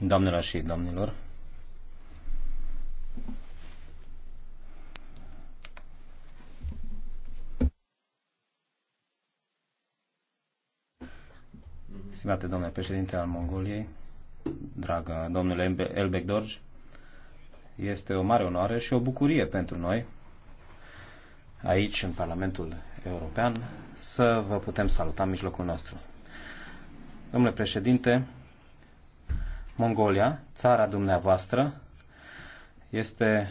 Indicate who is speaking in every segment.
Speaker 1: Doamnelor și domnilor, Stimate domnule președinte al Mongoliei, dragă domnule Elbek Dorj, este o mare onoare și o bucurie pentru noi aici, în Parlamentul European, să vă putem saluta în mijlocul nostru. Domnule președinte, Mongolia, țara dumneavoastră, este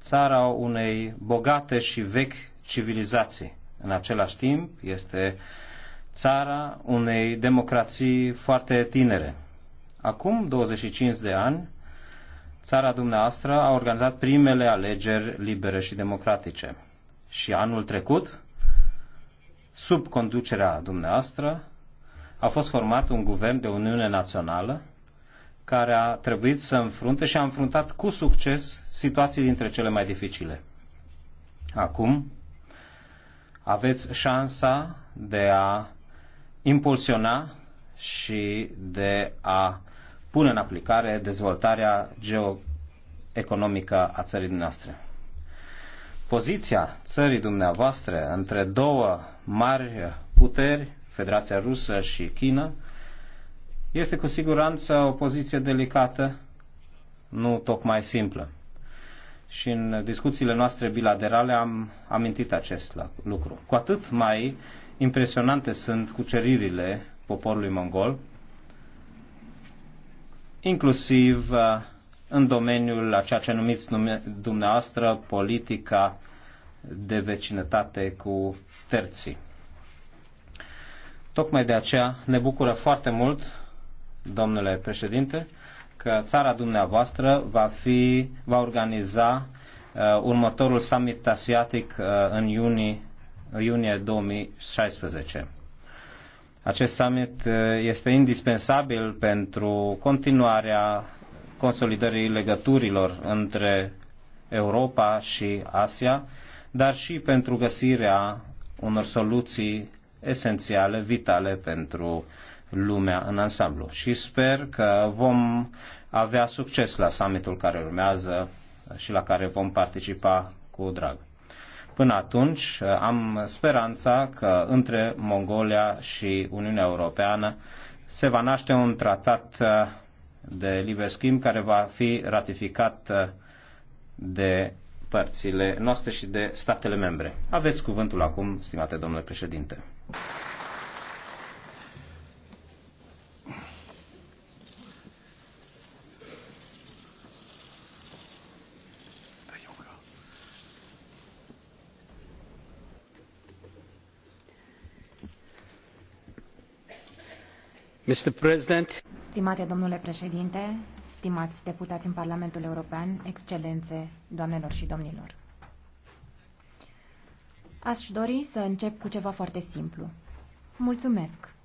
Speaker 1: țara unei bogate și vechi civilizații. În același timp, este țara unei democrații foarte tinere. Acum 25 de ani, țara dumneavoastră a organizat primele alegeri libere și democratice și anul trecut, sub conducerea dumneavoastră, a fost format un guvern de Uniune Națională care a trebuit să înfrunte și a înfruntat cu succes situații dintre cele mai dificile. Acum aveți șansa de a impulsiona și de a pune în aplicare dezvoltarea geoeconomică a țării noastre poziția țării dumneavoastră între două mari puteri, Federația Rusă și China, este cu siguranță o poziție delicată, nu tocmai simplă. Și în discuțiile noastre bilaterale am amintit acest lucru. Cu atât mai impresionante sunt cuceririle poporului mongol, inclusiv uh, în domeniul a ceea ce numiți dumneavoastră politica de vecinătate cu terții. Tocmai de aceea ne bucură foarte mult, domnule președinte, că țara dumneavoastră va, fi, va organiza uh, următorul summit asiatic uh, în iunie, iunie 2016. Acest summit uh, este indispensabil pentru continuarea consolidării legăturilor între Europa și Asia, dar și pentru găsirea unor soluții esențiale, vitale pentru lumea în ansamblu. Și sper că vom avea succes la summitul care urmează și la care vom participa cu drag. Până atunci, am speranța că între Mongolia și Uniunea Europeană se va naște un tratat de liber schimb care va fi ratificat uh, de părțile noastre și de statele membre. Aveți cuvântul acum, stimate domnule președinte. Mr. President, Stimate domnule președinte, stimați deputați în Parlamentul European, excelențe, doamnelor și domnilor. Aș dori să încep cu ceva foarte simplu. Mulțumesc!